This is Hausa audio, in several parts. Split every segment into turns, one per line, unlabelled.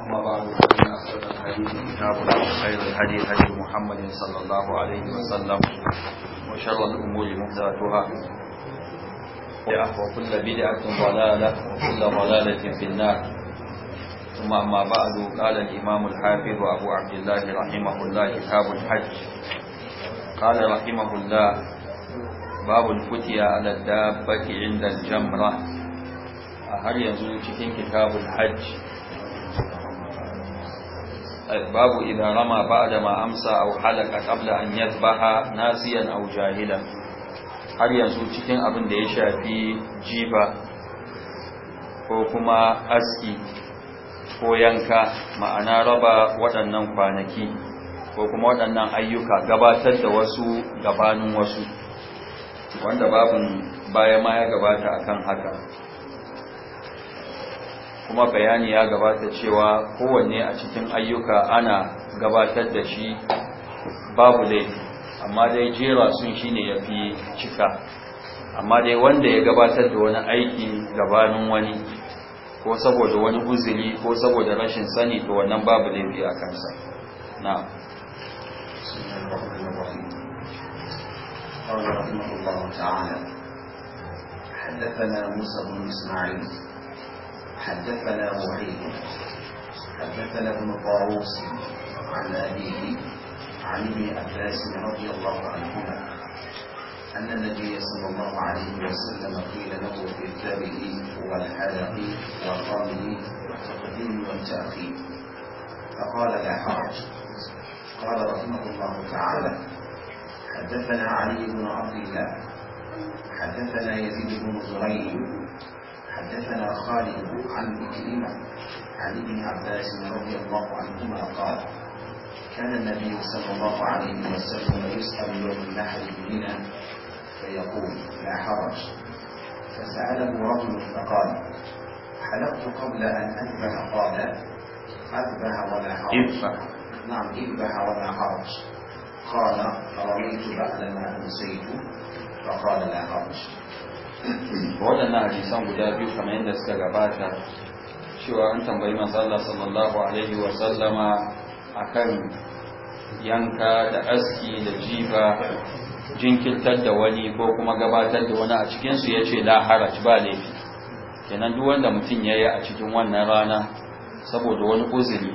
أما بعد فإن أصدق الحديث كتاب الله خير الحديث هدي محمد صلى الله عليه وسلم وشر الأمور محدثاتها وكل بدعة ضلالة وكل ضلالة في النار ثم أما بعد قال الإمام الحافظ أبو عبد الله رحمه الله كتاب الحج قال رحمه الله باب الفتية على الدابة عند الجمرة a har yanzu cikin kitabul hajj babu idan rama da ma amsa aw halaka qabla an yadhbaha nasiyan aw jahila har yanzu cikin abin da ya shafi jiba ko kuma aski ko yanka ma'ana raba waɗannan kwanaki ko kuma waɗannan ayyuka gabatar da wasu gabanin wasu wanda babin baya ma ya gabata akan haka kuma bayani ya gabata cewa kowanne a cikin ayyuka ana gabatar da shi babu laifi amma dai jera sun shi ne ya fi cika amma dai wanda ya gabatar da wani aiki gabanin wani ko saboda wani uzuri ko saboda rashin sani to wannan babu laifi a kansa
na قال رحمه الله تعالى حدثنا موسى بن اسماعيل حدثنا معين حدثنا ابن طاووس عن أبيه عن ابن عباس رضي الله عنهما أن النبي صلى الله عليه وسلم قيل له في كتابه والحلق والرمل والتقديم والتأخير فقال لا حرج قال رحمه الله تعالى حدثنا علي بن عبد الله حدثنا يزيد بن زهير حدثنا خالد عن كلمة عن ابن عباس رضي الله عنهما قال كان النبي صلى الله عليه وسلم يسأل يوم النحر بمنى فيقول لا حرج فسأله رجل فقال حلقت قبل أن أذبح قال أذبح ولا حرج نعم اذبح ولا حرج قال أرأيت بعد ما أنسيت فقال لا حرج
waɗannan hadisan guda biyu kamar yadda suka gabata cewa an tambayi matsala sallallahu alaihi wasallama a kan yanka da aski da jifa jinkirtar da wani ko kuma gabatar da wani a cikinsu ya ce la haraj ba laifi kenan duk wanda mutum ya yi a cikin wannan rana saboda wani uzuri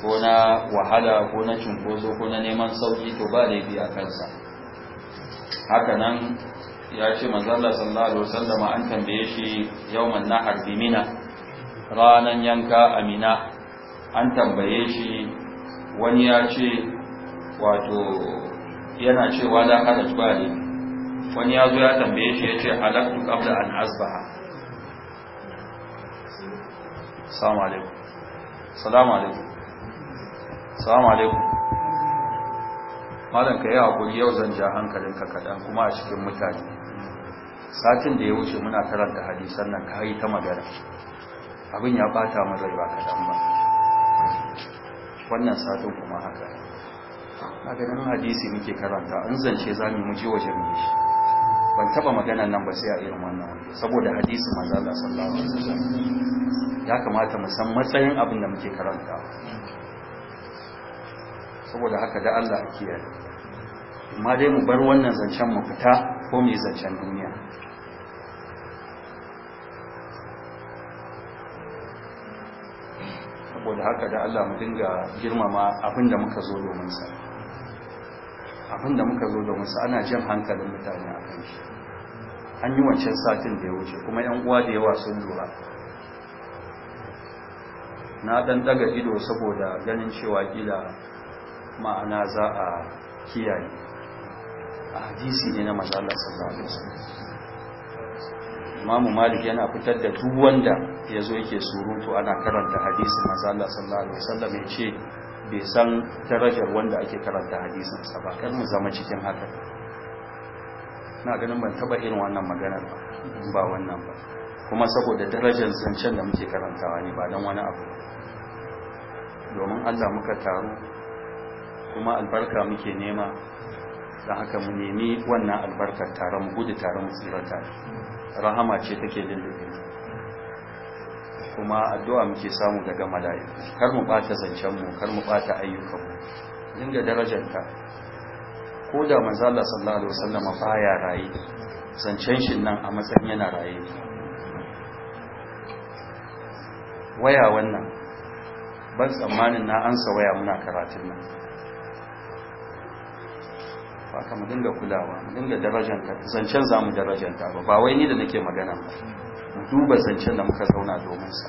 ko na wahala ko na cunkoso ko na neman sauki to ba laifi a kansa haka nan ya ce mazalla sallallahu alaihi wasallama an tambaye shi yawman na bi ranan yanka amina an tambaye shi wani ya ce wato yana cewa na haraj ba ne wani ya zo ya tambaye shi ya ce halaktu qabla an asbaha assalamu alaikum assalamu alaikum assalamu alaikum malam ka yi hakuri yau zan ja hankalinka kaɗan kuma a cikin mutane satin da ya wuce muna da hadisan nan yi ta magana abin ya bata min rai ba kaɗan ba wannan satin kuma haka
A ganin hadisi
muke karanta an zance za mu je waje mu shi ban taba magana nan ba sai a irin wannan wani saboda hadisi manzo Allah sallallahu alaihi wasallam ya kamata mu san matsayin abin da muke karanta saboda haka da Allah a kiyaye amma dai mu bar wannan zancen mu fita ko mai zancen duniya saboda haka da Allah mu dinga girmama abinda muka zo domin sa abinda muka zo domin sa ana jan hankalin mutane a kan shi an yi wancan satin da ya wuce kuma yan uwa da yawa sun lura na dan daga ido saboda ganin cewa kila ma'ana za a kiyaye a hadisi ne na manzala sallallahu alaihi wasallam imamu malik yana fitar da duk wanda ya zo yake surutu ana karanta hadisin manzala sallallahu alaihi wasallam ya ce bai san darajar wanda ake karanta hadisinsa ba kan mu zama cikin haka na ganin ban taba irin wannan maganar ba ba wannan ba kuma saboda darajar zancen da muke karantawa ne ba don wani abu domin Allah muka taru kuma albarka muke nema don haka mu nemi wannan albarkar tare mu gudu tare mu tsirata. rahama ce take lullube kuma addu'a muke samu daga mala'iku kar mu bata zancen mu kar mu bata ayyukan mu dinga darajarta ko da manzo Allah sallallahu alaihi wasallam baya raye zancen shin nan a matsayin yana raye waya wannan ban tsammanin na ansa waya muna karatun nan haka mu dinga kulawa mu dinga darajanta zancen za mu darajanta ba ba wai ni da nake magana ba mu duba zancen da muka zauna domin sa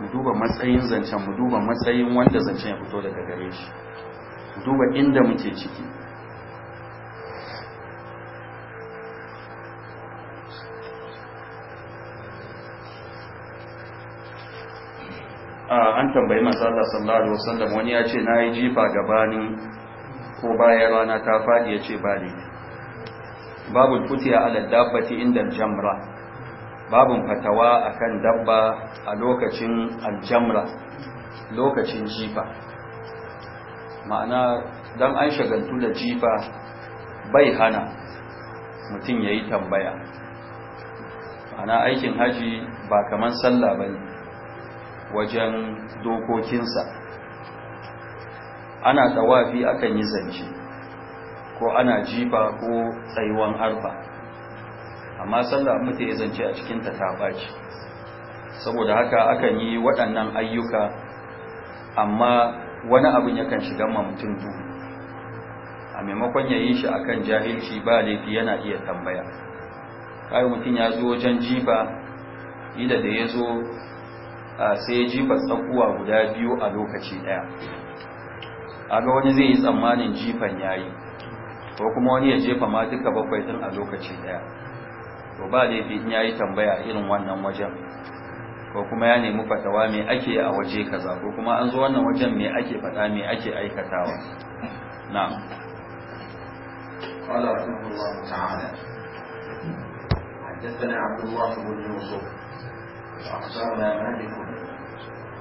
mu duba matsayin zancen mu duba matsayin wanda zancen ya fito daga gare shi mu duba inda muke ciki ah, an tambayi masu Allah sallallahu alaihi wasallam wani ya ce na yi jifa gabanin ko bayan rana ta faɗi ya ce ba babu kutiya futiya ala dabbati inda jamra babun fatawa akan dabba a lokacin aljamra lokacin jifa ma'ana don an shagaltu da jifa bai hana mutum ya yi tambaya ana aikin haji ba kamar sallah ba ne wajen dokokinsa ana tawafi akan yi zance ko ana jifa ko tsayuwan arfa amma sallah mutum ya zance a cikinta ta saboda haka akan yi waɗannan ayyuka amma wani abin yakan shiga ma mutum duhu a maimakon ya yi shi a kan jahilci ba laifi yana iya tambaya kayan mutum ya zo wajen jifa idan da ya zo sai ya jifa tsakuwa guda biyu a lokaci ɗaya kaga wani zai yi tsammanin jifan yayi ko kuma wani ya jefa ma duka bakwai din a lokaci daya to ba dai in yayi tambaya irin wannan wajen ko kuma ya nemi fatawa me ake a waje kaza ko kuma an zo wannan wajen me ake fada me ake aikatawa na'am
qala رحمه ta'ala تعالى حدثنا عبد الله بن يوسف واخبرنا مالك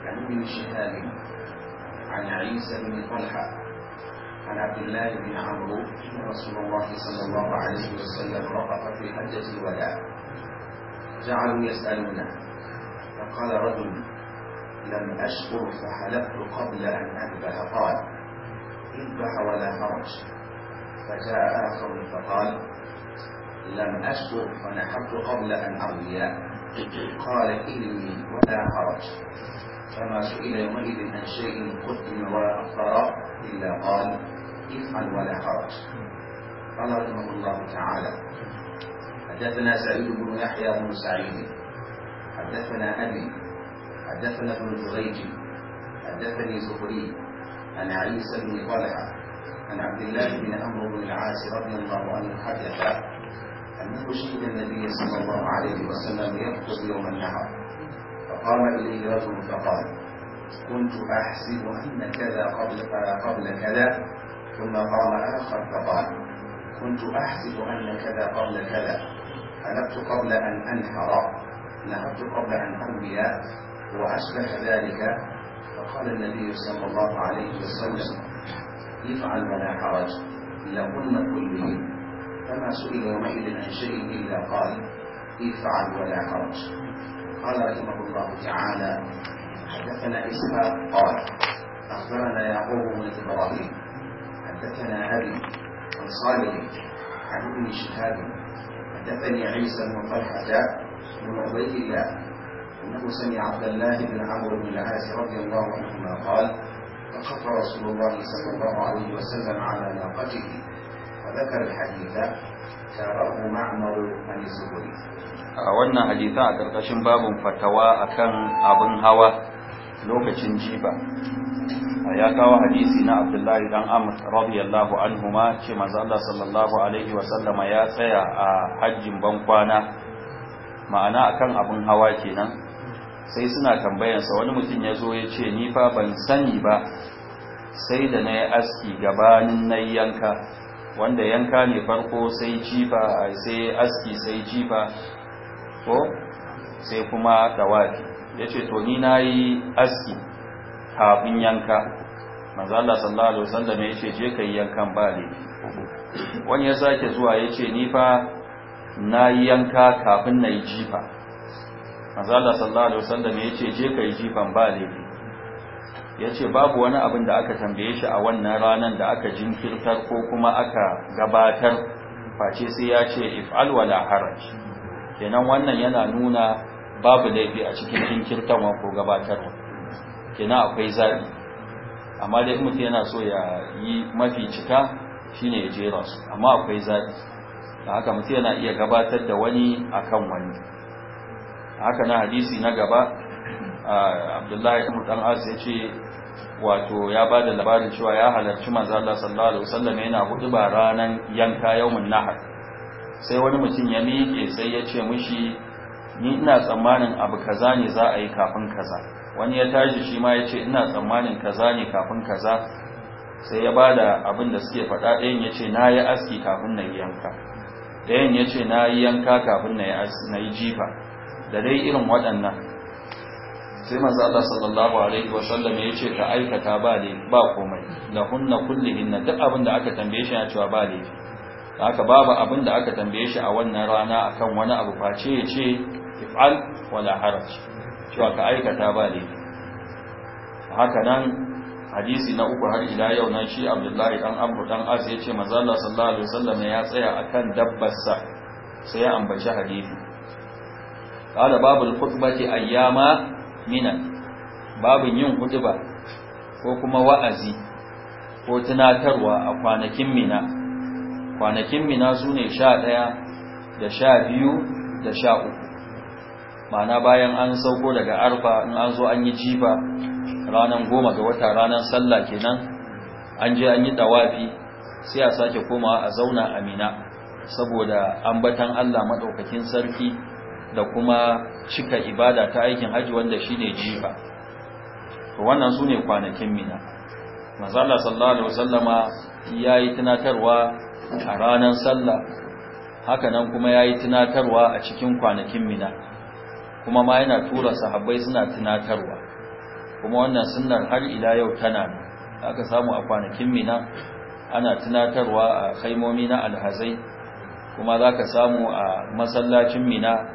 عن ابن شهاب عن عيسى بن طلحة عن عبد الله بن عمرو أن رسول الله صلى الله عليه وسلم وقف في حجة الوداع جعلوا يسألونه فقال رجل لم أشكر فحلفت قبل أن أذبح قال اذبح ولا حرج فجاء آخر فقال لم أشكر فنحرت قبل أن أرمي قال إني ولا حرج فما سئل يومئذ عن شيء قدم وأخر إلا قال افعل ولا حرج قال رحمه الله تعالى حدثنا سعيد بن يحيى بن سعيد حدثنا أبي حدثنا ابن جريج حدثني زهري عن عيسى بن طلحة عن عبد الله بن عمرو بن العاص رضي الله عنه حدث أنه شهد النبي صلى الله عليه وسلم يرقص يوم النهار قام إليه رجل فقال كنت أحسب أن كذا قبل قبل كذا ثم قام آخر فقال كنت أحسب أن كذا قبل كذا حلبت قبل أن أنحر نهبت قبل أن أنبي وأشبه ذلك فقال النبي صلى الله عليه وسلم افعل ولا حرج لهن كلهن فما سئل يومئذ عن شيء إلا قال افعل ولا حرج قال رحمه الله تعالى حدثنا إسحاق قال أخبرنا يعقوب بن إبراهيم حدثنا أبي عن صالح عن ابن شهاب حدثني عيسى بن طلحة بن عبيد الله أنه سمع عبد الله بن عمرو بن العاص رضي الله عنهما قال فخط رسول الله صلى الله عليه وسلم على ناقته
a wannan hadithan a ƙarƙashin babin fatawa akan abin hawa lokacin jifa ya kawo hadisi na abdullahi dan amr radiyallahu anhuma ce manzo Allah sallallahu alaihi wasallama ya tsaya a hajjin bankwana ma'ana akan abin hawa kenan sai suna tambayansa wani mutum ya zo ya ce ni fa ban sani ba sai da na yi aski gabanin na yanka wanda yanka ne farko sai jifa sai aski sai jifa ko sai kuma dawafi ya ce to ni na yi aski kafin yanka Mazala sallallahu alaihi wasallam ya ce je ka yi yankan ba ne wani ya sake zuwa ya ce ni fa na yi yanka kafin na yi jifa manzala sallallahu alaihi wasallam ya ce je ka yi jifan ba ne Ya ce babu wani abin da aka tambaye shi a wannan ranar da aka jinkirtar ko kuma aka gabatar face sai ya ce if alwala haraj kenan wannan yana nuna babu laifi a cikin jinkirtawa ko gabatarwa kenan akwai zabi amma dai mutu yana so ya yi mafi cika shi ne ya jera su amma akwai zabi da haka mutu yana iya gabatar da wani akan wani haka na hadisi na gaba abdullahi ɗan dan ya ce wato ya ba da labarin cewa ya halarci manzo Allah sallallahu alaihi wasallam yana hudu ba ranar yanka yawmun nahar sai wani mutum ya miƙe sai ya ce mishi ni ina tsammanin abu kaza ne za a yi kafin kaza wani ya tashi shi ma ya ce ina tsammanin kaza ne kafin kaza sai ya ba da abin da suke faɗa ɗayan ya ce na yi aski kafin na yi yanka ɗayan ya ce na yi yanka kafin na yi jifa da dai irin waɗannan sai manzo Allah sallallahu alaihi wa sallam ya ce ka aikata ba ne ba komai lahunna kullihinna duk abin da aka tambaye shi ya cewa ba ne haka babu abin da aka tambaye shi a wannan rana akan wani abu face ya ce if'al wala haraj cewa ka aikata ba ne haka nan hadisi na uku har ila yau na shi Abdullahi dan Abu dan Az ya ce manzo Allah sallallahu alaihi wa sallam ya tsaya akan dabbarsa sai ya ambaci hadisi قال باب الخطبة أيام Minna babu yin huduba ko kuma wa'azi ko tunatarwa a kwanakin mina kwanakin mina su ne sha ɗaya da sha biyu da sha uku mana bayan an sauko daga arfa in an zo an yi jifa ranar goma ga wata ranar sallah kenan an je an yi dawafi sai a sake komawa a zauna a mina saboda ambatan allah maɗaukakin sarki da kuma cika ibada ta aikin haji wanda shi ne jifa to wannan ne kwanakin mina mazala sallallahu alaihi wasallama yayi tunatarwa a ranar sallah haka nan kuma yi tunatarwa a cikin kwanakin mina kuma ma yana tura sahabbai suna tunatarwa kuma wannan sunnar har ila yau tana aka samu a kwanakin mina ana tunatarwa a kaimomi na alhazai kuma za ka samu a masallacin mina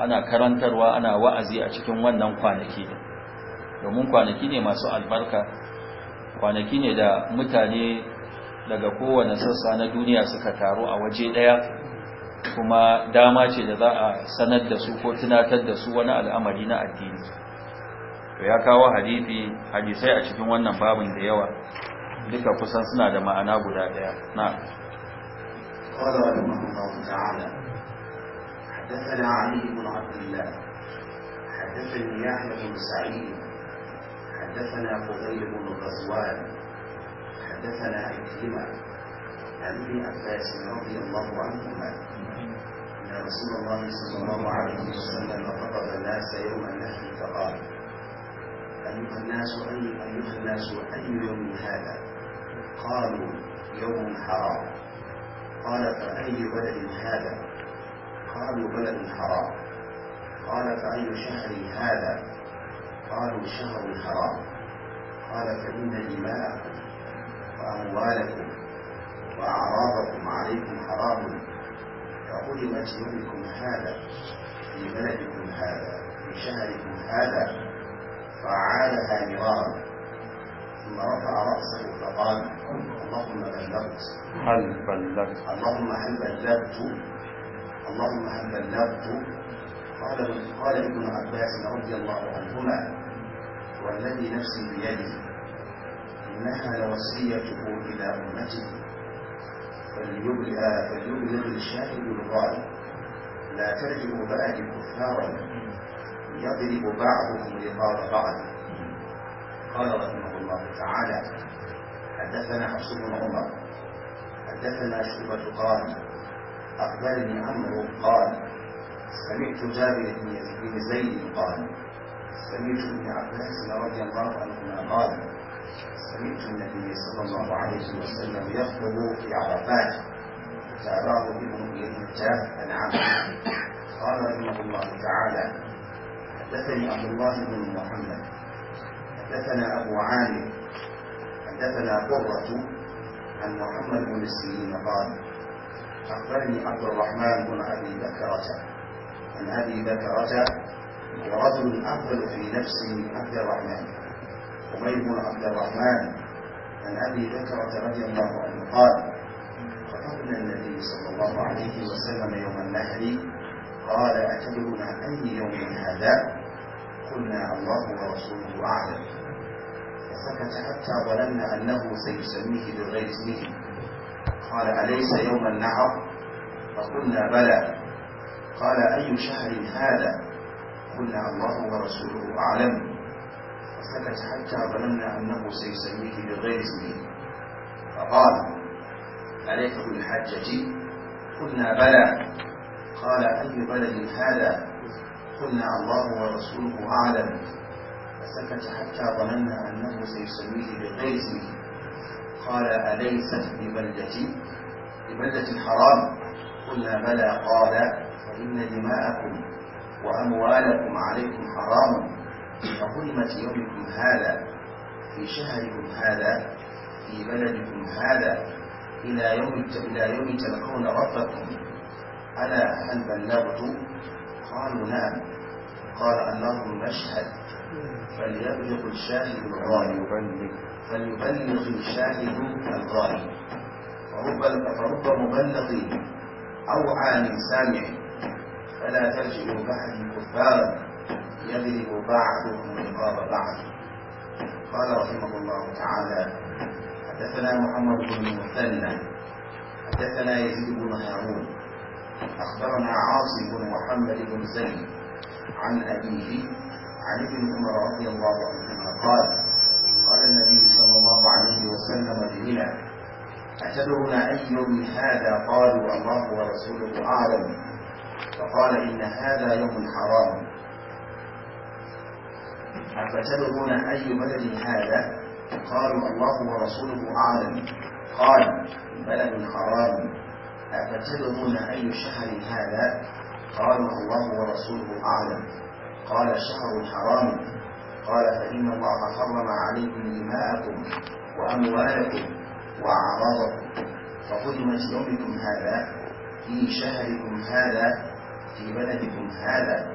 ana karantarwa ana wa'azi a cikin wannan kwanaki domin kwanaki ne masu albarka kwanaki ne da mutane daga kowane sassa na duniya suka taru a waje daya kuma dama ce da za a sanar da su ko tunatar da su wani al'amari na addini to ya kawo hadisi hadisai a cikin wannan babin da yawa duka kusan suna da ma'ana guda daya na
حدثنا علي بن عبد الله حدثني يحيى بن سعيد حدثنا فضيل بن غزوان حدثنا عكرمة عن ابن عباس رضي الله عنهما أن رسول الله صلى الله عليه وسلم خطب الناس يوم النحر فقال أيها الناس أيها الناس أي يوم هذا؟ قالوا يوم حرام قال فأي ولد هذا؟ قالوا بلد حرام قال فأي شهر هذا قالوا شهر الحرام قال فإن دماءكم وأموالكم وأعراضكم عليكم حرام فقدمت يومكم هذا في بلدكم هذا في شهركم هذا فعادها مرارا ثم رفع رأسه فقال اللهم بلغت هل بلغت اللهم هل بلغت اللهم هل بلغت قال قال ابن عباس رضي الله عنهما والذي نفسي بيده انها لوصيته الى امته فليبلغ فليبلغ الشاهد الغائب لا ترجعوا بعد كفارا يضرب بعضهم رقاب بعض قال رحمه الله تعالى حدثنا حسن بن عمر حدثنا شعبة قال أخبرني عمرو قال سمعت جابر بن زيد قال سمعت ابن عباس رضي الله عنهما قال سمعت النبي صلى الله عليه وسلم يخطب في عرفات فأراه ابن الحجاج عن قال رحمه الله تعالى حدثني عبد الله بن محمد حدثنا أبو عامر حدثنا قرة عن محمد بن سيرين قال أخبرني عبد الرحمن بن أبي بكرة عن أبي بكرة ورجل أفضل في نفسه من عبد الرحمن أبي بن عبد الرحمن عن أبي بكرة رضي الله عنه قال خطبنا النبي صلى الله عليه وسلم يوم النحر قال أتدرون أي يوم هذا؟ قلنا الله ورسوله أعلم فسكت حتى ظننا أنه سيسميه بغير اسمه قال أليس يوم النحر فقلنا بلى قال أي شهر هذا قلنا الله ورسوله أعلم فسكت حتى ظننا أنه سيسميه بغير اسمه فقال عليك بالحجة قلنا بلى قال أي بلد هذا قلنا الله ورسوله أعلم فسكت حتى ظننا أنه سيسميه بغير اسمه قال أليست ببلدتي ببلدة الحرام قلنا بلى قال فإن دماءكم وأموالكم عليكم حرام فظلمت يومكم هذا في شهركم هذا في بلدكم هذا إلى يوم إلى يوم تلقون ربكم ألا هل بلغت؟ قالوا نعم قال اللهم اشهد فليبلغ الشاهد الغالي يبلغ فليبلغ الشاهد الغائب فرب فرب مبلغ أوعى عالم سامع فلا تلجئوا بعد كفارا يضرب بعضهم رقاب بعض قال رحمه الله تعالى حدثنا محمد بن مثنى حدثنا يزيد بن هارون اخبرنا عاصم بن محمد بن زيد عن ابيه عن ابن عمر رضي الله عنهما قال قال النبي وسلم دينا أتدرون أي يوم هذا قالوا الله ورسوله أعلم فقال إن هذا يوم حرام أفتدرون أي بلد هذا قالوا الله ورسوله أعلم قال بلد حرام أفتدرون أي شهر هذا قالوا الله ورسوله أعلم قال شهر حرام قال فإن الله حرم عليكم دماءكم وأموالكم وأعراضكم من يومكم هذا في شهركم هذا في بلدكم هذا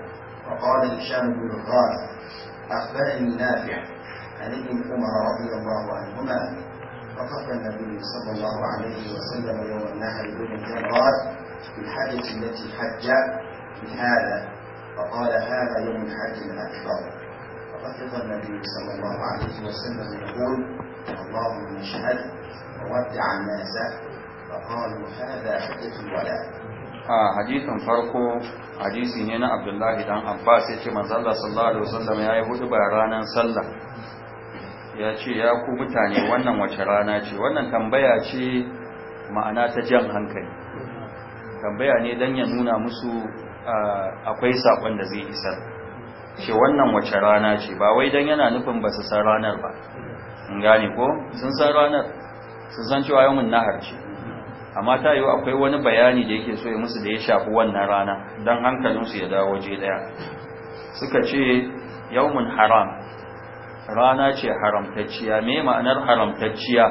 فقال هشام بن الغاز أخبرني نافع عن ابن عمر رضي الله عنهما وقف النبي صلى الله عليه وسلم يوم النهر بين الجمرات بالحجة التي حج بهذا فقال هذا يوم الحج الأكبر وقفق النبي صلى الله عليه وسلم يقول والله المشهد وودع الناس فقالوا هذا حديث الولاء
a hadisin farko hadisi ne na abdullahi dan abbas ya ce manzala sallallahu alaihi wasallam ya yi hudu bayan ranar sallah ya ce ya ku mutane wannan wace rana ce wannan tambaya ce ma'ana ta jan hankali tambaya ne dan ya nuna musu akwai sakon da zai isar ce wannan wace rana ce ba wai dan yana nufin ba su san ranar ba in gane ko sun san ranar sun san cewa yawon nahar ce amma ta yiwu akwai wani bayani da yake so ya musu da ya shafi wannan rana don hankalinsu ya dawo waje daya suka ce yawon haram rana ce haramtacciya me ma'anar haramtacciya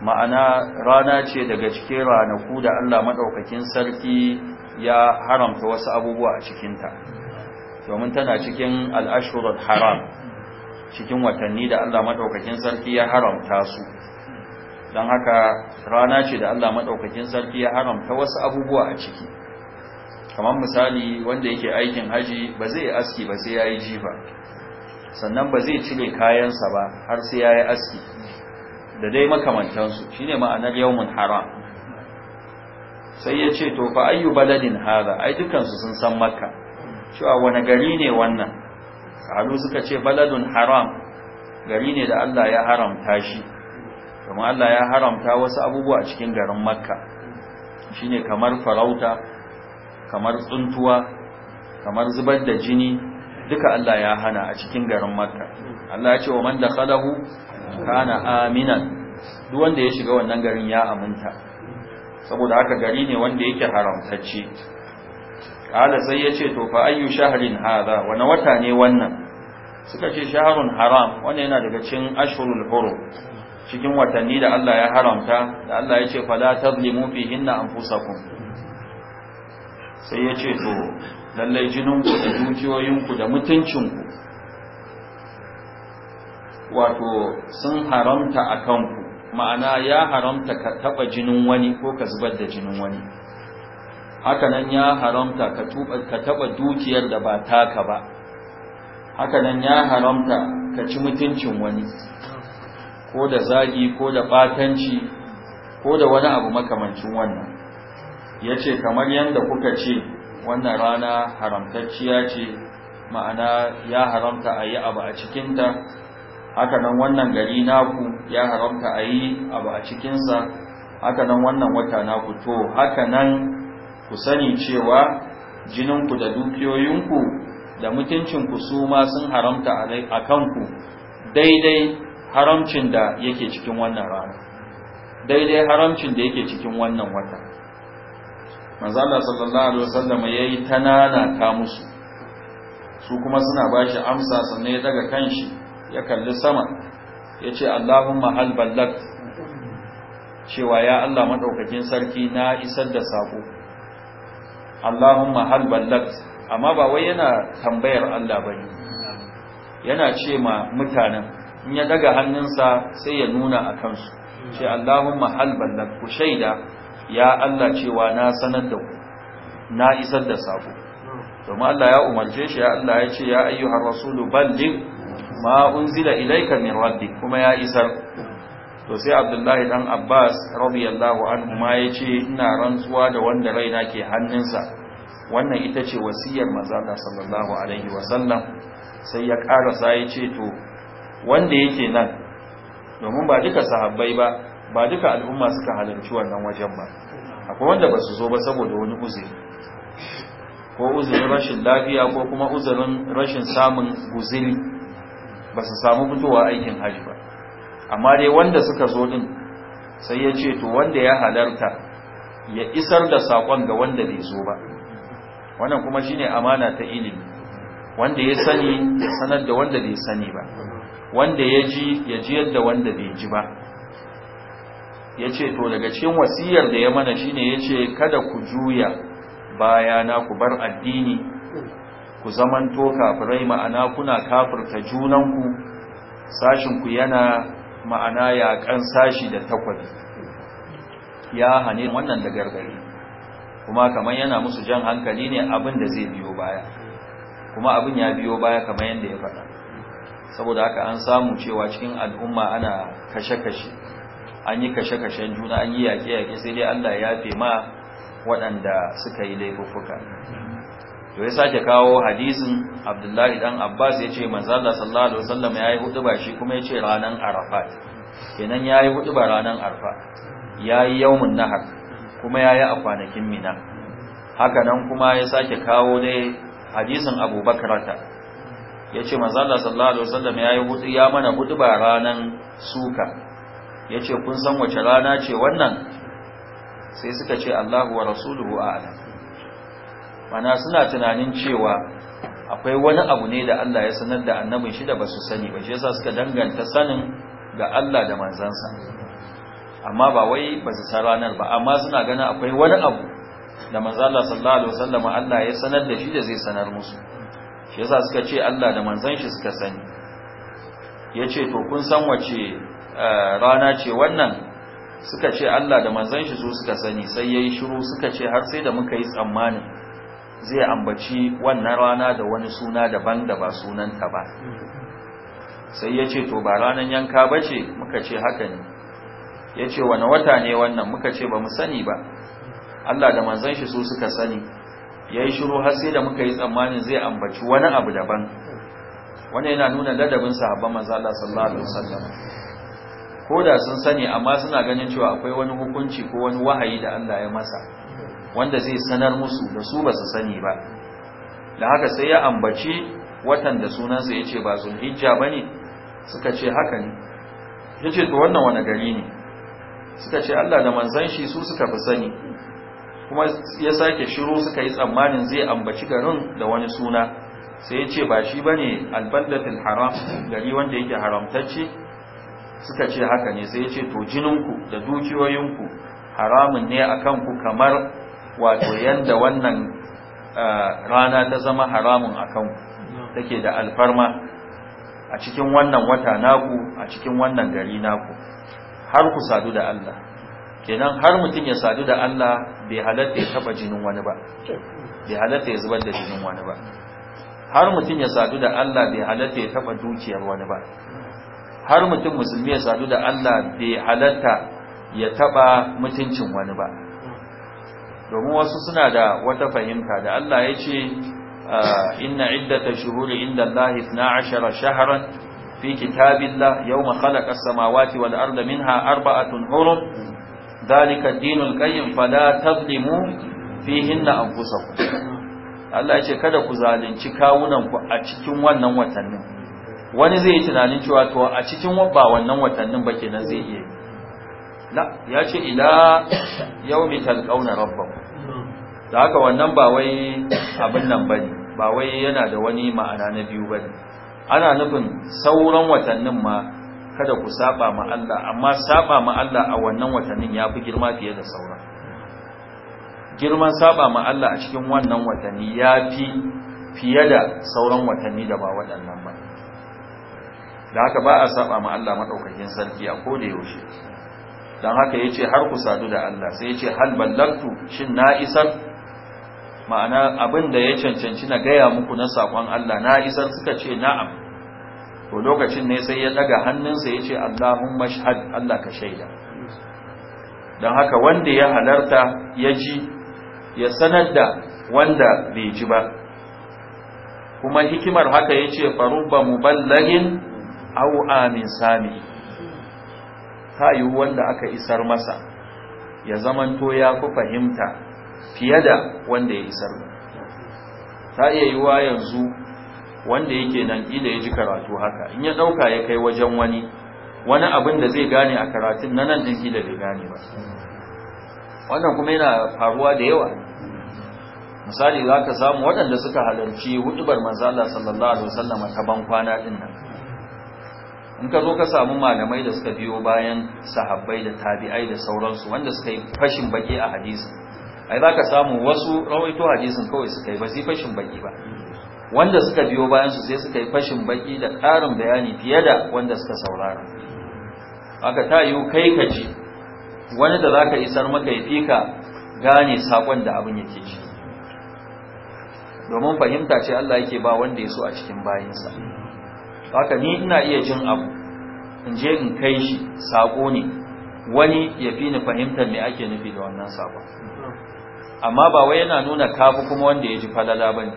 ma'ana rana ce daga cikin ranaku da allah maɗaukakin sarki ya haramta wasu abubuwa a cikinta domin tana cikin al'ashurar haram cikin watanni da Allah madaukakin sarki ya haramta su don haka rana ce da Allah madaukakin sarki ya haramta wasu abubuwa a ciki kamar misali wanda yake aikin haji ba zai aski ba sai yayi jifa sannan ba zai cire kayansa ba har sai yayi aski da dai makamantansu shine ma'anar yawmun haram sai yace to fa ayyu baladin hada ai su sun san makka cewa wani gari ne wannan kalu suka ce baladun haram gari ne da Allah ya haramta shi kuma Allah ya haramta wasu abubuwa a cikin garin makka shine kamar farauta kamar tsuntuwa kamar zubar da jini duka Allah ya hana a cikin garin makka Allah ya ce wa man dakhalahu kana aminan duk wanda ya shiga wannan garin ya aminta saboda haka gari ne wanda yake haramtacce kala sai ya ce to fa ayyu shahrin hadha wani wata ne wannan suka ce shahrun haram wanda yana daga cikin ashhurul hurum cikin watanni da Allah ya haramta da Allah ya ce fala tazlimu fihinna anfusakum sai ya ce to lallai ku da dukiyoyin ku da mutuncin ku wato sun haramta akan ku ma'ana ya haramta ka taba jinin wani ko ka zubar da jinin wani hakanan ya haramta ka taba dukiyar da ba taka ba hakanan ya haramta ka ci mutuncin wani ko da zagi ko da batanci ko da wani abu makamancin wannan yace kamar yanda kuka ce wannan rana haramtacciya ce ma'ana ya haramta a yi abu a cikinta hakanan wannan gari naku ya haramta ayi abu a cikinsa hakanan wannan wata naku to hakanan ku sani cewa jininku da dukiyoyinku da mutuncinku su ma sun haramta a kanku daidai haramcin da yake cikin wannan rana daidai haramcin da yake cikin wannan wata manzala sallallahu alaihi wasallam yayi tanana ta musu su kuma suna bashi amsa sannan ya daga kanshi ya kalli sama ya ce Allahumma hal ballat cewa ya Allah madaukakin sarki na isar da sako Allahumma hal ballat amma ba wai yana tambayar Allah bane yana ce ma mutanen in ya daga hannunsa sai ya nuna a kansu ce Allahumma hal ballat ku shaida ya Allah cewa na sanar da ku na isar da sako domin Allah ya umarce shi ya Allah ya ce ya ayyuhar rasulu balligh ma unzila ilayka min rabbik kuma ya isar to sai abdullahi dan abbas radiyallahu anhu ma ya ce ina rantsuwa da wanda raina ke hannunsa wannan ita ce wasiyar manzala sallallahu alaihi wasallam sai ya kara ya ce to wanda yake nan domin ba duka sahabbai ba ba duka al'umma suka halarci wannan wajen ba akwai wanda ba su zo ba saboda wani uzuri ko uzurin rashin lafiya ko kuma uzurin rashin samun guziri ba su samu fitowa aikin hajji ba amma dai wanda suka zo din sai ya ce to wanda ya halarta ya isar da sakon ga wanda bai zo ba wannan kuma shine amana ta ilimi wanda ya sani ya sanar da wanda bai sani ba wanda ya ji ya ji yadda wanda bai ji ba ya ce to daga cikin wasiyar da ya mana shine ya ce kada ku juya bayana ku bar addini ku zamanto kafirai ma'ana kuna kafirta junanku sashinku yana ma'ana yaƙan sashi da takwas ya hane wannan da gargari kuma kamar yana musu jan hankali ne abin da zai biyo baya kuma abin ya biyo baya kamar yadda ya faɗa saboda haka an samu cewa cikin al'umma ana kashe-kashe an yi kashe-kashen juna an yi yaƙe-yaƙe sai dai allah ya fe ma waɗanda suka yi laifuffuka to ya sake kawo hadisin abdullahi dan abbas ya ce manzala sallallahu alaihi wasallam ya yi hudu ba shi kuma ya ce ranar arafat kenan ya yi hudu ba ranar arafat ya yi yawmin nahar kuma ya yi a kwanakin mina haka nan kuma ya sake kawo dai hadisin abubakarata ya ce manzala sallallahu alaihi wasallam ya yi hudu ya mana hudu ba ranar suka ya ce kun san wace rana ce wannan sai suka ce allahu wa rasuluhu a'lam mana suna tunanin cewa akwai wani abu ne da Allah ya sanar da annabin shi da su sani ba shi yasa suka danganta sanin ga Allah da manzansa amma ba wai ba su saranar ranar ba amma suna gani akwai wani abu da manzo Allah sallallahu alaihi wasallam Allah ya sanar da shi da zai sanar musu shi yasa suka ce Allah da manzon shi suka sani yace to kun san wace eh, rana ce wannan suka ce Allah da manzon shi su suka sani sai yayi shiru suka ce har sai da muka yi tsammani zai ambaci wannan rana da wani suna daban da ba sunanta ba sai ya ce to ba ranan yanka ba ce muka ce haka ne ya ce wani wata ne wannan muka ce ba mu sani ba Allah da manzan shi su suka sani ya yi shiru har sai da muka yi tsammanin zai ambaci wani abu daban wani yana nuna ladabin sahabban manzan Allah sallallahu alaihi wasallam ko da sun sani amma suna ganin cewa akwai wani hukunci ko wani wahayi da Allah ya masa wanda zai sanar musu da su ba su sani ba da haka sai ya ambaci watan da sunansa ya ce ba zulhijja ba ne suka ce haka ne ya ce to wannan wani gari ne suka ce allah da manzan shi su suka fi sani kuma ya sake shiru suka yi tsammanin zai ambaci garin da wani suna sai ya ce ba shi ba ne haram gari wanda yake haramtacce suka ce haka ne sai ya ce to jininku da dukiyoyinku haramun ne a kanku kamar wato yanda wannan rana ta zama haramun akan take da alfarma a cikin wannan wata naku a cikin wannan gari naku har ku sadu da Allah kenan har mutum ya sadu da Allah bai halatta ya taba jinin wani ba bai halatta ya zubar da jinin wani ba har mutum ya sadu da Allah bai halatta ya taba dukiyar wani ba har mutum musulmi ya sadu da Allah bai halatta ya taba mutuncin wani ba domin wasu suna da wata fahimta da Allah ya ce ah, inna iddata shuhuri inda Allah ashara shaharan. fi kitabillah yau ma as-samawati wal arda minha arba'atun hurum dhalika ad-dinul qayyim fala an fihinna anfusakum Allah ya ce kada ku zalunci kawunanku a cikin wannan watannin wani zai yi tunanin cewa to a cikin ba wannan watannin ba kenan zai iya la ya ce ila yaumi talqauna rabbakum da haka wannan ba wai abin nan bane ba wai yana da wani ma'ana na biyu bane ana nufin sauran watannin ma kada ku saba ma Allah amma saba ma Allah a wannan watannin yafi girma fiye da sauran girman saba ma Allah a cikin wannan watanni yafi fiye da sauran watanni da ba waɗannan ba da haka ba a saba ma Allah madaukakin sarki a koda yaushe don haka ya ce har ku sadu da Allah sai ya ce hal ballaktu shin na isar ma'ana abin da ya cancanci na gaya muku na sakon Allah na isar suka ce na'am to lokacin ne sai ya daga hannunsa ya ce Allahumma shahad Allah ka shaida don haka wanda ya halarta ya ji ya sanar da wanda bai ji ba kuma hikimar haka ya ce farubba muballagin au amin sami ta yiwu wanda aka isar masa ya zamanto ya fi fahimta fiye da wanda ya isar ta iya wa yanzu wanda yake nan ila ya ji karatu haka in ya ɗauka ya kai wajen wani wani abin da zai gane a karatun na nan ɗin ila bai gane ba wannan kuma yana faruwa da yawa misali za ka samu waɗanda suka halarci hudubar manzala sallallahu alaihi wasallama ta ban kwana ɗin nan in ka zo ka samu malamai da suka biyo bayan sahabbai da tabi'ai da sauransu wanda suka yi fashin baki a hadisi ai za ka samu wasu rawaito hadisin kawai suka yi ba su fashin baki ba wanda suka biyo bayan su sai suka yi fashin baki da ƙarin bayani fiye da wanda suka saurara aka ta yiwu kai ka ji wani da za ka isar maka ya fi ka gane saƙon da abin yake ci domin fahimta ce Allah yake ba wanda ya so a cikin bayansa haka ni ina iya jin abu in je in kai shi saƙo ne wani ya fi ni fahimtar me ake nufi da wannan sako amma ba wai yana nuna kafi kuma wanda ya ji falala bane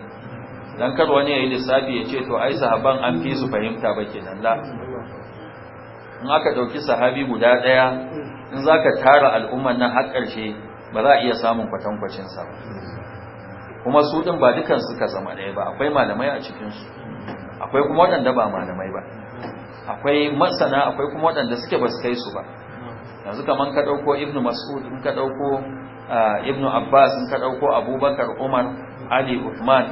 dan kar wani ya yi lissafi ya ce to ai sahaban an fi su fahimta ba ke nan la in aka dauki sahabi guda ɗaya, in zaka tara al'umman na har karshe ba za a iya samun kwatankwacin sa kuma su din ba dukan suka zama ɗaya ba akwai malamai a cikinsu. akwai kuma waɗanda ba malamai ba akwai masana akwai kuma waɗanda suke ba su kai su ba yanzu kaman ka ɗauko ibnu mas'ud in ka ɗauko ah, ibnu abbas in ka ɗauko abubakar umar ali uthman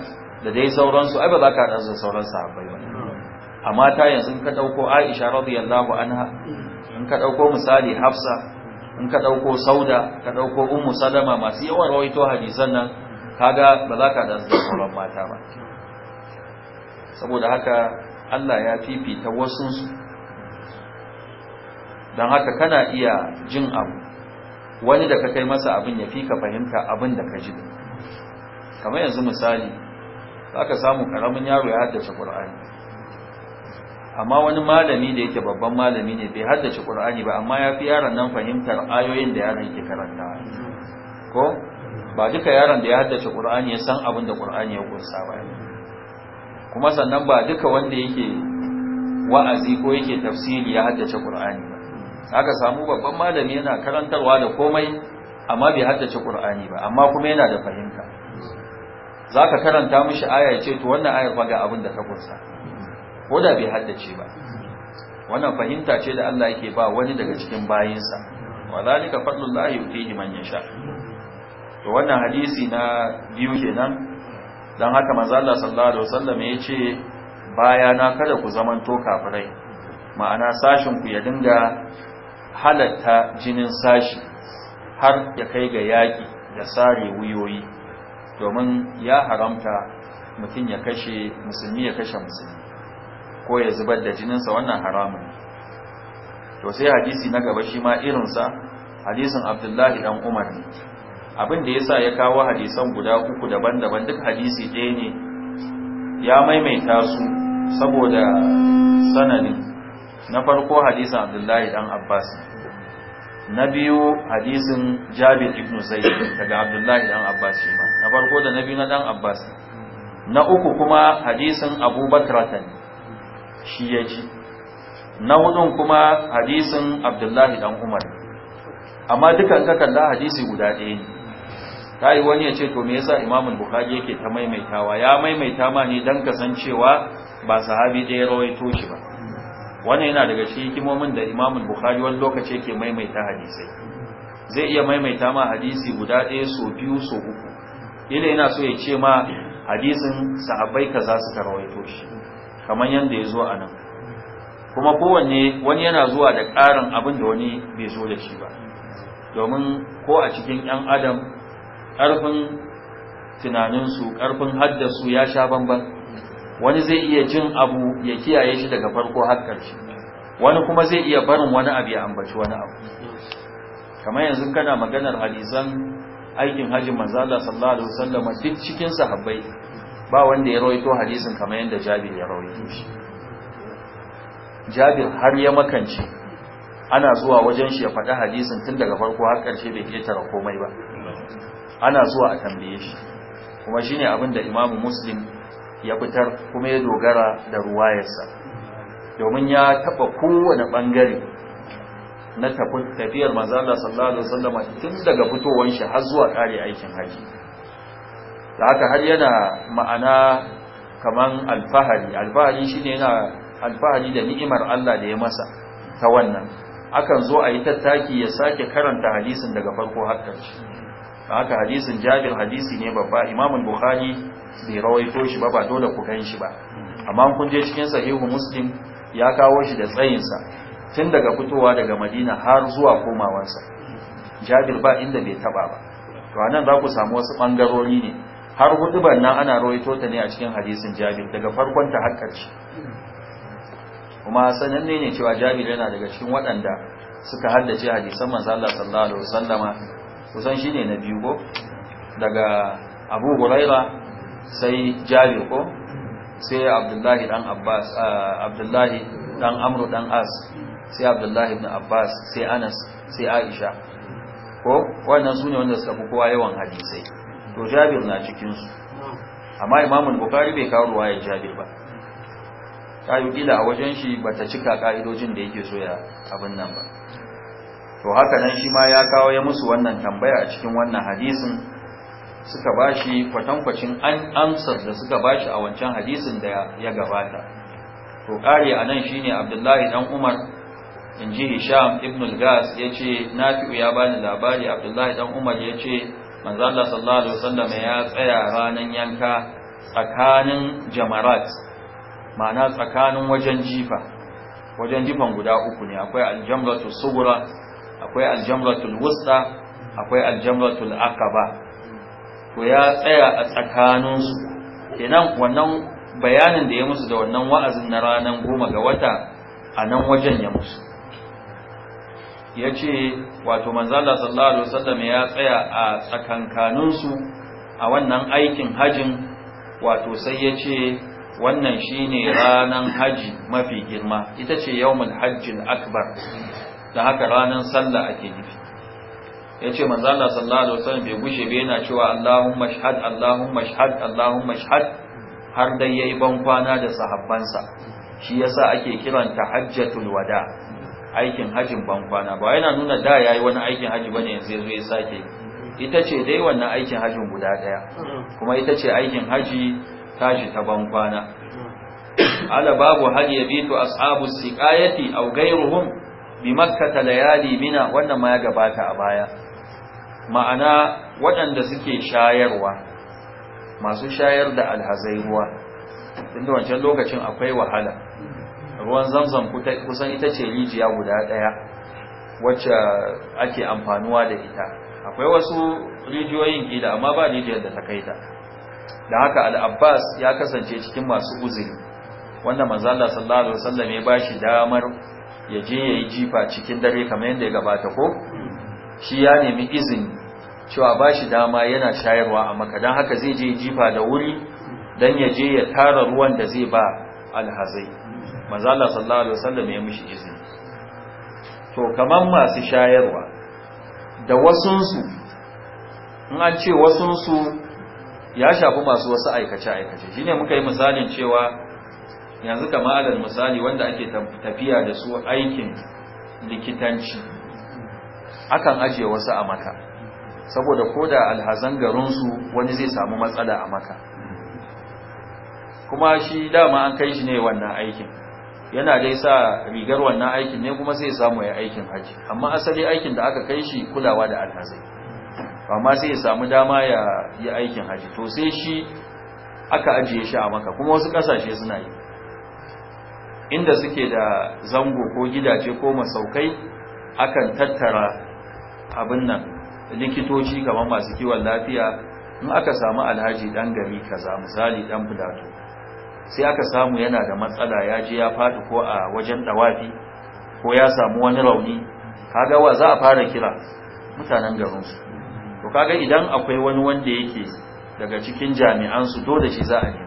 da dai sauransu ai ba za ka haɗa su da sauran sahabbai ba amma ta yanzu in ka ɗauko aisha radiyallahu anha in ka ɗauko misali hafsa in ka ɗauko sauda ka ɗauko ummu salama masu yawan rawaito hadisan nan kaga ba za ka da sauran mata ba saboda haka Allah ya fifita wasunsu don haka kana iya jin abu wani da ka kai masa abin ya fi ka fahimta abin da ka ji kamar yanzu misali za ka samu karamin yaro ya haddace ƙur'ani amma wani malami da yake babban malami ne bai haddace Kur'ani ba amma ya fi yaron nan fahimtar ayoyin da yaron yake karanta ko ba duka yaron da ya haddace ƙur'ani ya san abin da ƙur'ani ya ƙunsa ba kuma sannan ba duka wanda yake wa'azi ko yake tafsiri ya haddace Qur'ani ba aka samu babban malami yana karantarwa da komai amma bai haddace Qur'ani ba amma kuma yana da fahimta zaka karanta mishi aya ya ce to wannan aya fa ga abin da ta kunsa ko da bai haddace ba wannan fahimta ce da Allah yake ba wani daga cikin bayinsa wadhalika fadlullahi yutihi man yasha to wannan hadisi na biyu kenan don haka mazala sallallahu alaihi wasallam ya ce baya na kada ku zamanto kafirai ma'ana sashin ku ya dinga halatta jinin sashi har ya kai ga yaƙi da sare wuyoyi domin ya haramta mutum ya kashe musulmi ya kashe musulmi ko ya zubar da jininsa wannan haramun to sai hadisi na gaba shi ma irinsa hadisin abdullahi dan umar ne abin da yasa ya kawo hadisan guda uku daban-daban duk hadisi ɗaya ne ya maimaita su saboda sanadin na farko hadisin Abdullahi dan Abbas na biyu hadisin Jabir ibn Zaid daga Abdullahi dan Abbas shi ma na farko da na biyu na dan Abbas na uku kuma hadisin Abu Bakratan shi ya ji na hudun kuma hadisin Abdullahi dan Umar amma dukan kakalla hadisi guda ɗaya ne kai wani ya ce to me yasa imamu Bukhari yake ta maimaitawa ya maimaita ma ne dan kasancewa ba sahabi da ya rawaito shi ba wannan yana daga cikin hikimomin da imamu Bukhari wani lokaci yake maimaita hadisai zai iya maimaita ma hadisi guda ɗaya so biyu so uku ila yana so ya ce ma hadisin sahabbai kaza suka rawaito shi kamar yanda ya zo a nan kuma kowanne wani yana zuwa da ƙarin abin da wani bai zo da shi ba domin ko a cikin 'yan adam ƙarfin tunaninsu ƙarfin haddasu ya sha banban wani zai iya jin abu ya kiyaye shi daga farko har ƙarshe wani kuma zai iya barin wani abu ya ambaci wani abu kamar yanzu kana maganar hadisan aikin hajji manzo Allah sallallahu alaihi wasallam duk cikin sahabbai ba wanda ya rawaito hadisin kamar yadda Jabir ya rawaito shi Jabir har ya makance ana zuwa wajen shi ya faɗi hadisin tun daga farko har ƙarshe bai ketara komai ba ana zuwa a tambaye shi kuma shine abin da imamu muslim ya fitar kuma ya dogara da ruwayarsa domin ya taba kowane ɓangare na tafiyar manzala sallallahu alaihi tun daga fitowar shi har zuwa kare aikin haji da haka har yana ma'ana kaman alfahari alfahari shine yana alfahari da ni'imar Allah da ya masa ta wannan akan zo a yi tattaki ya sake karanta hadisin daga farko har ƙarshe haka hadisin jabir hadisi ne babba imamun bukhari bai rawaito shi ba ba dole ku gan shi ba amma kun je cikin sahihu muslim ya kawo shi da tsayinsa tun daga fitowa daga madina har zuwa komawansa jabir ba inda bai taba ba to anan za ku samu wasu bangarori ne har hudubar nan ana rawaito ta ne a cikin hadisin jabir daga farkon ta har kuma sananne ne cewa jabir yana daga cikin waɗanda suka haddace hadisan manzo Allah sallallahu alaihi wasallama kusan shi ne na biyu ko daga abu huraira sai jabir ko sai abdullahi dan abbas ah, abdullahi dan amru dan as sai abdullahi ibn abbas sai anas sai aisha ko wannan su ne wanda suka fi kowa yawan hadisai to jabir na cikinsu amma imamun bukari bai kawo ya jabir ba ta yi kila a wajen shi bata cika ka'idojin da yake so ya abin nan ba to haka nan shi ma ya kawo ya musu wannan tambaya a cikin wannan hadisin suka bashi kwatankwacin an amsar da suka bashi a wancan hadisin da ya gabata to kare a nan shine Abdullahi dan Umar in ji Hisham ibn al-Gas yace Nafi'u ya bani labari Abdullahi dan Umar yace manzo Allah sallallahu alaihi wasallam ya tsaya ranar yanka tsakanin jamarat ma'ana tsakanin wajen jifa wajen jifan guda uku ne akwai aljamratu subura akwai aljamratul wusta akwai aljamratul akaba to ya tsaya a tsakaninsu kenan wannan bayanin da ya musu da wannan wa'azin na ranar goma ga wata a nan wajen ya musu ya ce wato manzala sallallahu alaihi wasallam ya tsaya a su a wannan aikin hajin wato sai ya ce wannan shine ranan haji mafi girma ita ce yawmul hajjil akbar da haka ranar sallah ake nufi ya ce Allah sallallahu alaihi wasallam bai gushe bai yana cewa Allahumma shahad Allahumma shahad Allahumma shahad har dai yayi ban kwana da sahabbansa shi yasa ake kiranta hajjatul wada aikin hajin ban kwana ba yana nuna da yayi wani aikin haji bane yanzu yazo ya sake ita ce dai wannan aikin hajjin guda daya kuma ita ce aikin haji tashi ta ban kwana ala babu hal yabitu ashabu siqayati aw ghayruhum bi ta layali mina wannan ma ya gabata a baya ma'ana waɗanda suke shayarwa masu shayar da alhazai ruwa tunda wancan lokacin akwai wahala ruwan zamzam kusan ita ce rijiya guda ɗaya wacce ake amfanuwa da ita akwai wasu rijiyoyin gida amma ba rijiyar da ta kai ta da haka al'abbas ya kasance cikin masu uzuri wanda manzala sallallahu alaihi wasallam ya bashi damar ya je ya yi jifa cikin dare kamar yadda ya gabata ko shi ya nemi izin cewa ba shi dama yana shayarwa a maka don haka zai je jifa da wuri don ya je ya tara ruwan da zai ba alhazai mazala sallallahu alaihi wasallam ya mishi izin to kamar masu shayarwa da wasunsu in an ce wasunsu ya shafi masu wasu aikace-aikace shine muka yi misalin cewa yanzu kama alal misali wanda ake tafiya da su aikin likitanci akan ajiye wasu a maka saboda ko da alhazan garinsu wani zai samu matsala a maka kuma shi dama an kai shi ne wannan aikin yana dai sa rigar wannan aikin ne kuma sai samu ya aikin haji amma asali aikin da aka kai shi kulawa da alhazai amma sai ya samu dama ya yi aikin haji to sai shi aka ajiye shi a maka kuma wasu kasashe suna yi inda suke da zango ko gidaje ko masaukai akan tattara abin nan likitoci kamar masu kiwon lafiya in aka samu alhaji dan gari kaza misali dan filato sai aka samu yana da matsala ya je ya faɗi ko a wajen dawafi ko ya samu wani rauni kaga wa za a fara kira mutanen garinsu to kaga idan akwai wani wanda yake daga cikin jami'ansu dole shi za a yi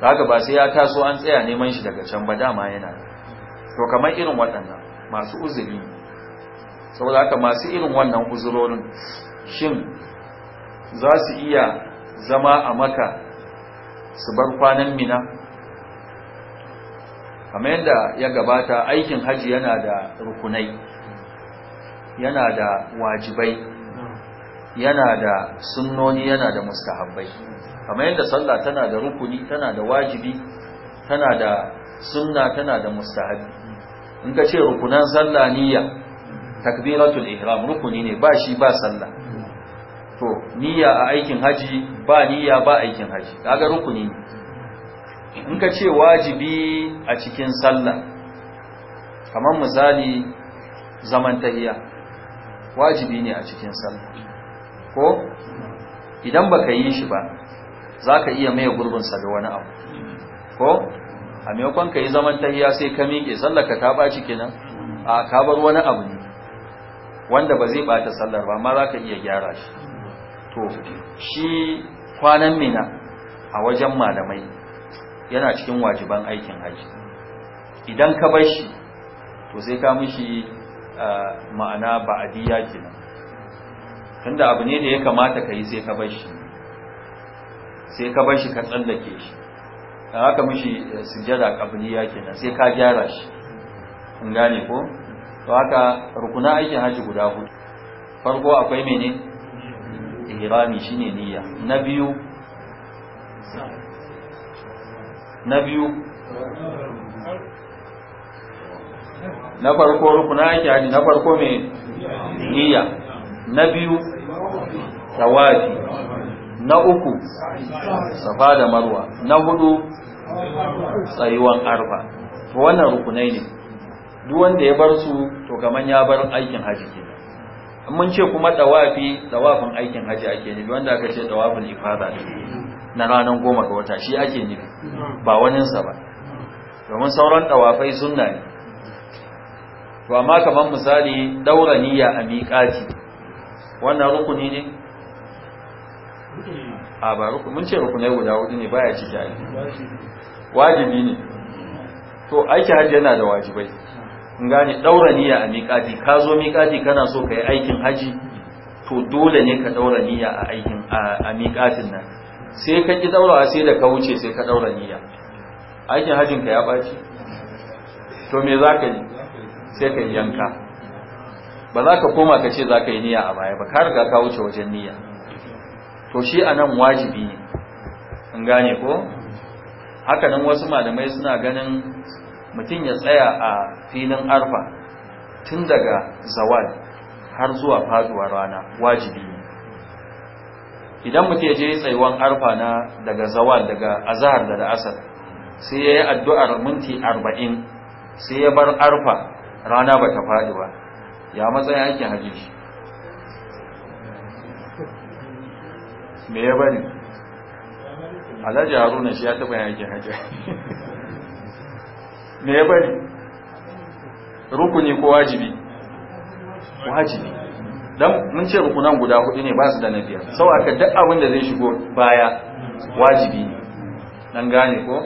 haka ba sai ya taso an tsaya neman shi daga can ba dama yana to kamar irin waɗannan masu uzuri saboda haka masu irin wannan uzurorin shin za su iya zama a maka su bar kwanan mina kamar yadda ya gabata aikin hajji yana da rukunai yana da wajibai yana da sunnoni yana da mustahabbai kamar yadda sallah tana da rukuni tana da wajibi tana da sunna tana da mustahabi in ka ce rukunan sallah niyya takbiratul ihram rukuni ne ba shi ba sallah to niyya a aikin haji ba niyya ba aikin haji kaga rukuni ne in ka ce wajibi a cikin sallah kamar misali zaman tahiya wajibi ne a cikin sallah ko idan baka yi shi ba za ka iya maye sa da wani abu ko a maimakon ka yi zaman tahiya sai ka miƙe sallaka ta ɓaci kenan a ka bar wani abu ne wanda ba zai ɓata sallar ba amma za ka iya gyara shi to shi kwanan mina a wajen malamai yana cikin wajiban aikin haji idan ka bar shi to sai ka mishi ma'ana ba'adiyya kenan tunda abu ne da ya kamata ka yi sai ka bar shi sai ka bar shi ka tsallake shi da haka mishi eh, sujjada qabliya kenan sai ka gyara shi kun gane ko to haka rukuna aikin haji guda hudu farko akwai mene ihrami shine niyya na biyu na biyu na farko rukuna aikin haji na farko mene niyya na biyu tawafi na uku safa da marwa na hudu tsayuwan arfa to wannan rukunai ne duk wanda ya bar su to kaman ya bar aikin haji ke mun ce kuma tawafi tawafin aikin haji ake nufi wanda aka ce tawafin ifada na ranar goma ga wata shi ake nufi ba waninsa ba domin sauran tawafai sunna ne to amma kaman misali daura niyya a miƙati wannan rukuni ne a ba mun ce rukunai guda hudu ne baya ciki jari. wajibi ne to aiki hajji yana da wajibai in gane daura niyya a miƙati ka zo miƙati kana so ka yi aikin haji to dole ne ka daura niyya a aikin a miƙatin nan sai ka ki daura sai da ka wuce sai ka daura niyya aikin hajjin ka ya baci to me za ka yi sai ka yanka ba za ka koma ka ce za ka yi niyya a baya ba ka riga ka wuce wajen niyya to shi anan wajibi ne in gane ko haka wasu malamai suna ganin mutum ya tsaya a filin arfa tun daga zawal har zuwa faduwar rana wajibi ne idan mutum ya je tsayuwan arfa na daga zawal daga azahar da la'asar sai ya yi addu'ar minti arba'in sai ya bar arfa rana ba ta faɗi ba ya matsayin aikin hajji me ya bari alhaji haruna shi ya taɓa yakin hajji me ya bari rukuni ko wajibi wajibi don mun ce rukunan guda hudu ne ba su da na biyar sau aka duk abin da zai shigo baya wajibi ne nan gane ko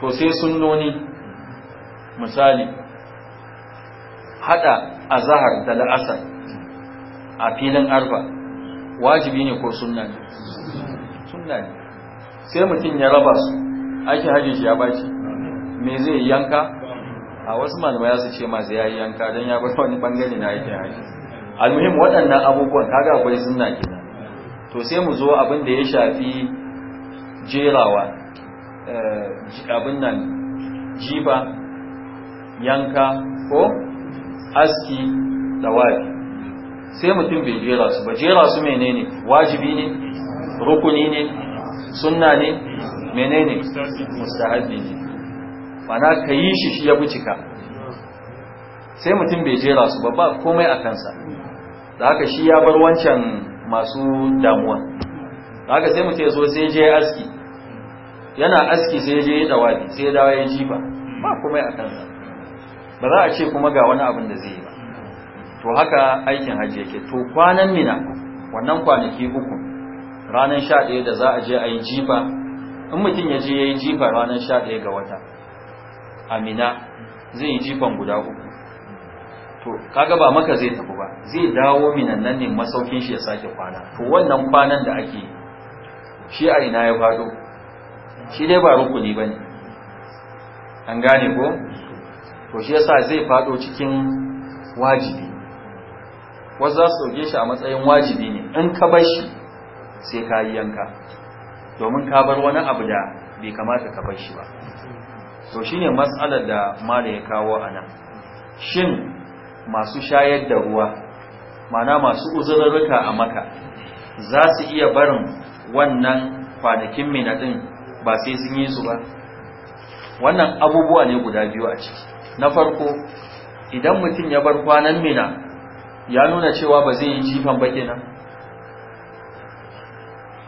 to sai sunnoni misali hada azahar da la'asar a filin arba wajibi ne ko sunna ne sunna ne sai mutum ya raba su ake hajji shi ya baci me zai yanka a wasu malamai su ce ma zai yi yanka don ya bar wani bangare na aikin hajji almuhim waɗannan abubuwan kaga akwai sunna kenan to sai mu zo abin da ya shafi jerawa eh, abin nan jiba yanka ko aski da wajibi sai mutum bai jera su ba jera su menene wajibi ne rukuni ne sunna ne menene mustahabi ne mana ka yi shi shi ya bucika sai mutum bai jera su ba ba komai a kansa da haka shi ya bar wancan masu damuwa da haka sai mutum ya zo sai je aski yana aski sai je ya dawa sai ya dawa ya jifa ba komai a kansa ba za a ce kuma ga wani abin da zai yi ba to haka aikin hajji yake to kwanan mina wannan kwanaki uku ranar 11 da za a je a yi jifa in mutum ya je ya yi jifa ranar 11 ga wata a mina zai yi jifan guda uku to kaga ba maka zai tafi ba zai dawo minan nan ne masaukin shi ya sake kwana to wannan kwanan da ake shi a ina ya faɗo shi dai ba rukuni ba ne an gane ko to shi yasa zai faɗo cikin wajibi wasu za su doge shi a matsayin wajibi ne in ka bar shi sai ka yi yanka domin ka bar wani abu da bai kamata ka bar shi ba to shine matsalar da mala ya kawo a nan shin masu shayar da ruwa mana masu uzurarruka a maka za su iya barin wannan kwanakin Minna ɗin ba sai sun yi su ba wannan abubuwa ne guda biyu a ciki na farko idan mutum ya bar kwanan mina ya nuna cewa ba zai yi jifan ba kenan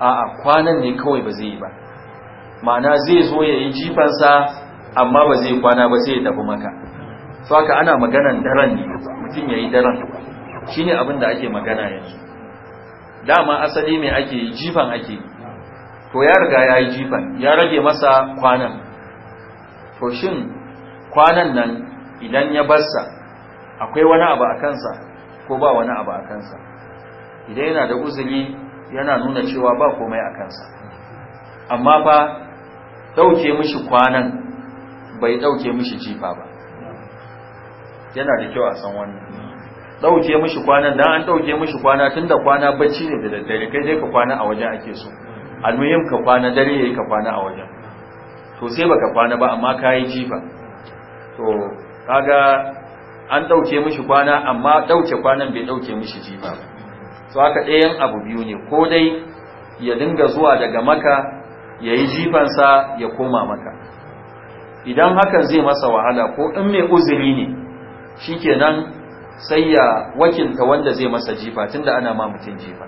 a'a kwanan ne kawai ba zai yi ba ma'ana zai zo ya yi jifansa amma ba zai kwana ba sai ya tafi maka to haka ana maganan daren ne mutum ya yi daren shine abin da ake magana yanzu dama asali mai ake yi jifan ake to ya riga ya yi jifan ya rage masa kwanan to shin kwanan nan idan ya barsa akwai wani abu a kansa ko ba wani abu a kansa idan yana da uzuri yana nuna cewa ba komai a kansa amma fa ɗauke mishi kwanan bai ɗauke mishi jifa ba yana da kyau a san wannan ɗauke mishi kwanan dan an ɗauke mishi kwana tun da kwana bacci ne da daddare kai dai ka kwana a wajen ake so almuhim ka kwana dare yayi ka kwana a wajen to sai baka kwana ba amma ka yi jifa to kaga an ɗauke mishi kwana amma ɗauke kwanan bai ɗauke mishi jifa ba to haka ɗayan abu biyu ne ko dai ya dinga zuwa daga maka ya yi jifansa ya koma maka idan hakan zai masa wahala ko in mai uzuri ne shi kenan sai ya wakilta wanda zai masa jifa tunda ana ma mutum jifa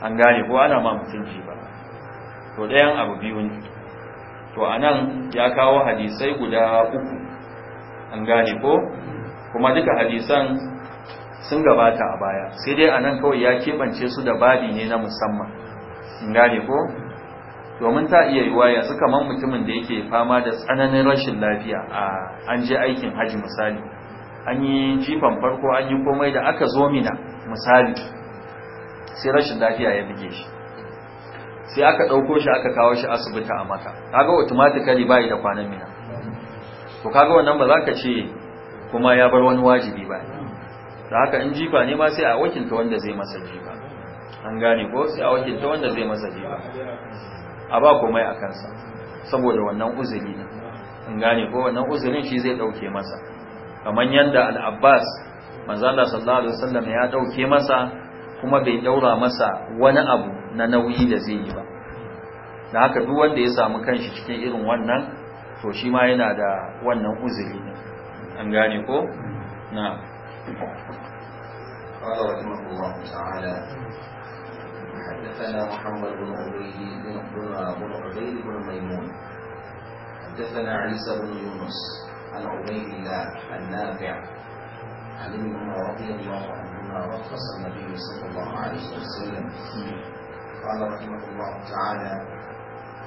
an gane ko ana ma mutum jifa to ɗayan abu biyu ne to anan ya kawo hadisai guda uku an gane ko kuma duka hadisan sun gabata a baya sai dai anan kawai ya keɓance su da babi ne na musamman in gane ko domin ta iya yi waya, yanzu kamar mutumin da yake fama da tsananin rashin lafiya a an je aikin haji misali an yi jifan farko an yi komai da aka zo mina misali sai rashin lafiya ya buge shi sai aka ɗauko shi aka kawo shi asibiti a maka kaga automatically bai da kwanan mina to kaga wannan ba za ka ce kuma ya bar wani wajibi ba da haka in jifa ne ma sai a wakilta wanda zai masa jifa an gane ko sai a wakilta wanda zai masa jifa a ba komai a kansa saboda wannan uzuri ne an gane ko wannan uzurin shi zai dauke masa kamar yanda al-Abbas manzo Allah sallallahu alaihi wasallam ya dauke masa kuma bai daura masa wani abu na nauyi da zai yi ba da haka duk wanda ya samu kanshi cikin irin wannan to shi ma yana da wannan uzuri ne an gane ko na
قال رحمه الله تعالى حدثنا محمد بن عبيد بن بن عبيد بن ميمون حدثنا عيسى بن يونس عن عبيد الله النافع عن ابن عمر رضي الله عنهما رخص النبي صلى الله عليه وسلم قال رحمه الله تعالى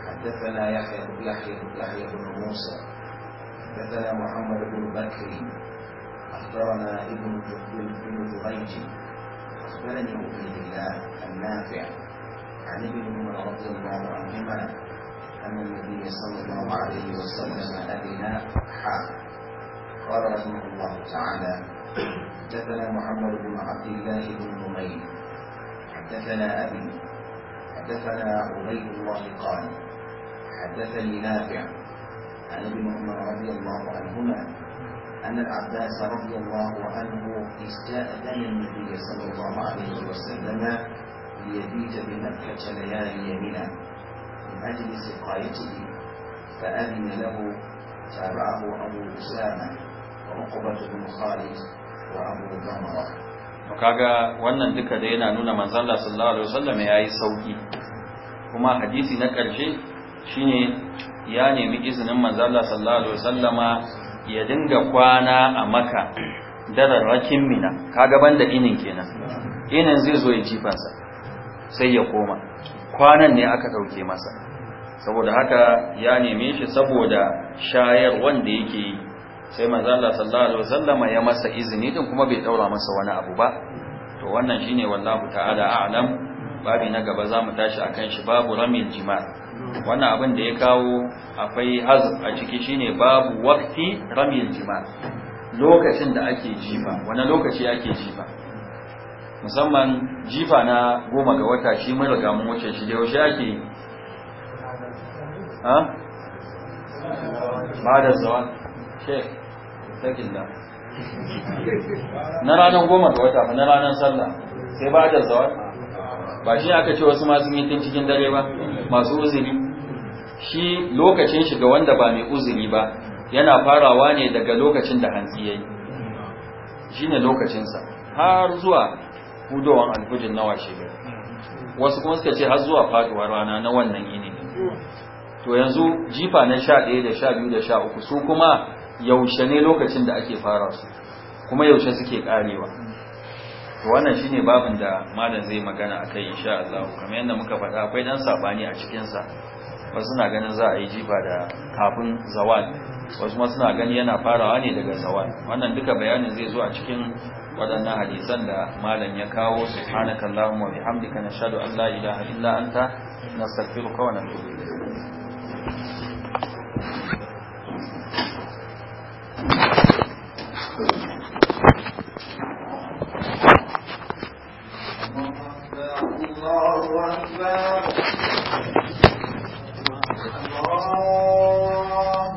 حدثنا يحيى يحيى يحيى بن موسى حدثنا محمد بن بكر اخبرنا ابن بن جريج اخبرني عبيد الله النافع عن ابن عمر رضي الله عنهما ان النبي صلى الله عليه وسلم اذن قال رحمه الله تعالى حدثنا محمد بن عبد الله بن نمير حدثنا ابي حدثنا عبيد الله قال حدثني نافع عن ابن عمر رضي الله عنهما أن العباس رضي الله عنه استأذن النبي صلى الله عليه وسلم ليبيت بمكة ليالي منى من أجل سقايته فأذن له تابعه أبو أسامة وعقبة بن خالد وأبو ضمرة
kaga wannan duka da yana nuna manzon Allah sallallahu alaihi wasallam yayi sauki kuma hadisi na karshe shine ya nemi izinin manzo Allah sallallahu alaihi wasallama ya dinga kwana a Makka dararrakin mina kaga banda inin kenan inin zai zo ya jifansa sai ya koma kwanan ne aka ɗauke masa saboda haka ya neme shi saboda shayar wanda yake yi sai manzo Allah sallallahu alaihi wasallama ya masa izini din kuma bai daura masa wani abu ba to wannan shine wallahu ta'ala a'lam babi na gaba za mu tashi akan shi babu ramin jima' wannan abin da ya kawo akwai hazin a ciki shine babu wakti ramil jima lokacin da ake jifa wani lokaci ake jifa musamman jifa na goma ga wata shi mun riga mun wuce shi da yaushe ake ha ba da zawal ta takilla na ranar goma ga wata na ranar sallah sai ba da zawal ba shi aka ce wasu masu mintin cikin dare ba masu uzuri shi lokacin shi ga wanda ba mai uzuri ba yana farawa ne daga lokacin da hantsi yayi ne lokacin sa har zuwa hudowan alfujin nawa shekara wasu kuma suka ce har zuwa faduwar rana na wannan yini to yanzu jifa na 11 da 12 da 13 su kuma yaushe ne lokacin da ake fara su kuma yaushe suke karewa to wannan shine babin da malam zai magana akai insha Allah kamar yadda muka faɗa akwai dan sabani a cikin sa wasu na ganin za a yi jifa da kafin zawal wasu ma suna gani yana farawa ne daga zawal wannan duka bayanin zai zo a cikin waɗannan hadisan da malam ya kawo subhanakallahumma wa bihamdika nashhadu an la ilaha illa anta nastaghfiruka wa natubu ilayk